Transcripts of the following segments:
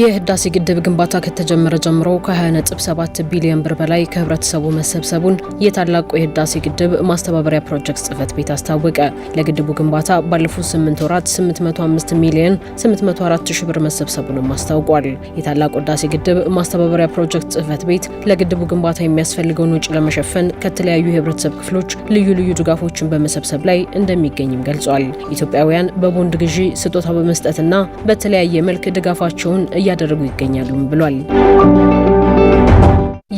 የህዳሴ ግድብ ግንባታ ከተጀመረ ጀምሮ ከ 27 ቢሊዮን ብር በላይ ከህብረተሰቡ መሰብሰቡን የታላቁ የህዳሴ ግድብ ማስተባበሪያ ፕሮጀክት ጽህፈት ቤት አስታወቀ። ለግድቡ ግንባታ ባለፉት 8 ወራት 805 ሚሊዮን 804 ብር መሰብሰቡንም አስታውቋል። የታላቁ ህዳሴ ግድብ ማስተባበሪያ ፕሮጀክት ጽህፈት ቤት ለግድቡ ግንባታ የሚያስፈልገውን ውጪ ለመሸፈን ከተለያዩ የህብረተሰብ ክፍሎች ልዩ ልዩ ድጋፎችን በመሰብሰብ ላይ እንደሚገኝም ገልጿል። ኢትዮጵያውያን በቦንድ ግዢ ስጦታ በመስጠትና በተለያየ መልክ ድጋፋቸውን እያደረጉ ይገኛሉም ብሏል።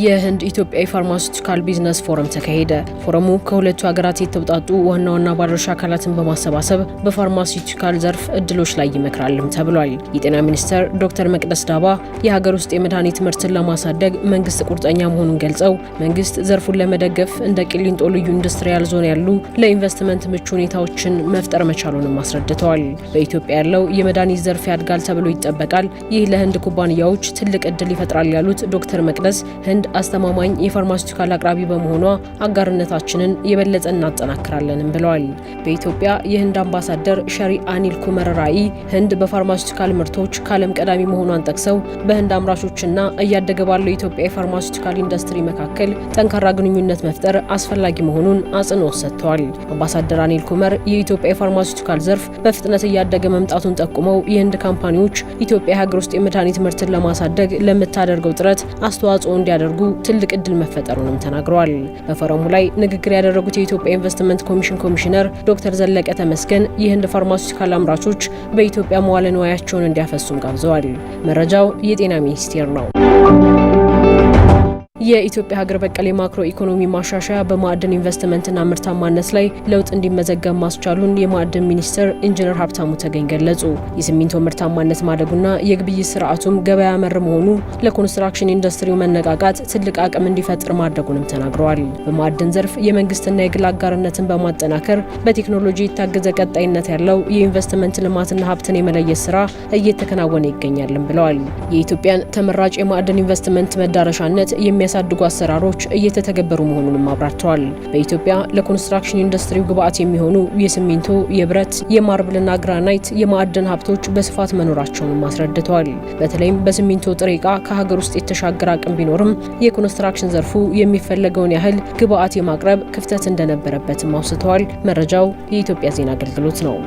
የህንድ ኢትዮጵያ ፋርማሲቲካል ቢዝነስ ፎረም ተካሄደ። ፎረሙ ከሁለቱ ሀገራት የተውጣጡ ዋና ዋና ባለድርሻ አካላትን በማሰባሰብ በፋርማሲውቲካል ዘርፍ እድሎች ላይ ይመክራልም ተብሏል። የጤና ሚኒስትር ዶክተር መቅደስ ዳባ የሀገር ውስጥ የመድኃኒት ምርትን ለማሳደግ መንግስት ቁርጠኛ መሆኑን ገልጸው መንግስት ዘርፉን ለመደገፍ እንደ ቂሊንጦ ልዩ ኢንዱስትሪያል ዞን ያሉ ለኢንቨስትመንት ምቹ ሁኔታዎችን መፍጠር መቻሉንም አስረድተዋል። በኢትዮጵያ ያለው የመድኃኒት ዘርፍ ያድጋል ተብሎ ይጠበቃል። ይህ ለህንድ ኩባንያዎች ትልቅ እድል ይፈጥራል ያሉት ዶክተር መቅደስ ህንድ አስተማማኝ የፋርማሲውቲካል አቅራቢ በመሆኗ አጋርነታችንን የበለጠ እናጠናክራለንም ብለዋል። በኢትዮጵያ የህንድ አምባሳደር ሸሪ አኒል ኩመር ራይ ህንድ በፋርማሲውቲካል ምርቶች ከዓለም ቀዳሚ መሆኗን ጠቅሰው በህንድ አምራቾችና እያደገ ባለው የኢትዮጵያ የፋርማሲውቲካል ኢንዱስትሪ መካከል ጠንካራ ግንኙነት መፍጠር አስፈላጊ መሆኑን አጽንኦት ሰጥተዋል። አምባሳደር አኒል ኩመር የኢትዮጵያ የፋርማሲቲካል ዘርፍ በፍጥነት እያደገ መምጣቱን ጠቁመው የህንድ ካምፓኒዎች ኢትዮጵያ የሀገር ውስጥ የመድኃኒት ምርትን ለማሳደግ ለምታደርገው ጥረት አስተዋጽኦ እንዲያደርጉ እንዲያደርጉ ትልቅ እድል መፈጠሩንም ተናግረዋል። በፈረሙ ላይ ንግግር ያደረጉት የኢትዮጵያ ኢንቨስትመንት ኮሚሽን ኮሚሽነር ዶክተር ዘለቀ ተመስገን የህንድ ፋርማሲካል አምራቾች በኢትዮጵያ መዋለ ንዋያቸውን እንዲያፈሱም ጋብዘዋል። መረጃው የጤና ሚኒስቴር ነው። የኢትዮጵያ ሀገር በቀል የማክሮ ኢኮኖሚ ማሻሻያ በማዕድን ኢንቨስትመንትና ምርታማነት ላይ ለውጥ እንዲመዘገብ ማስቻሉን የማዕድን ሚኒስትር ኢንጂነር ሀብታሙ ተገኝ ገለጹ። የሲሚንቶ ምርታማነት ማደጉና የግብይት ስርዓቱም ገበያ መር መሆኑ ለኮንስትራክሽን ኢንዱስትሪው መነቃቃት ትልቅ አቅም እንዲፈጥር ማድረጉንም ተናግረዋል። በማዕድን ዘርፍ የመንግስትና የግል አጋርነትን በማጠናከር በቴክኖሎጂ የታገዘ ቀጣይነት ያለው የኢንቨስትመንት ልማትና ሀብትን የመለየት ስራ እየተከናወነ ይገኛልም ብለዋል። የኢትዮጵያን ተመራጭ የማዕድን ኢንቨስትመንት መዳረሻነት የሚያ የሚያሳድጉ አሰራሮች እየተተገበሩ መሆኑንም አብራርተዋል። በኢትዮጵያ ለኮንስትራክሽን ኢንዱስትሪው ግብዓት የሚሆኑ የሲሚንቶ፣ የብረት፣ የማርብልና ግራናይት የማዕድን ሀብቶች በስፋት መኖራቸውንም አስረድተዋል። በተለይም በሲሚንቶ ጥሬ ዕቃ ከሀገር ውስጥ የተሻገረ አቅም ቢኖርም የኮንስትራክሽን ዘርፉ የሚፈለገውን ያህል ግብዓት የማቅረብ ክፍተት እንደነበረበትም አውስተዋል። መረጃው የኢትዮጵያ ዜና አገልግሎት ነው።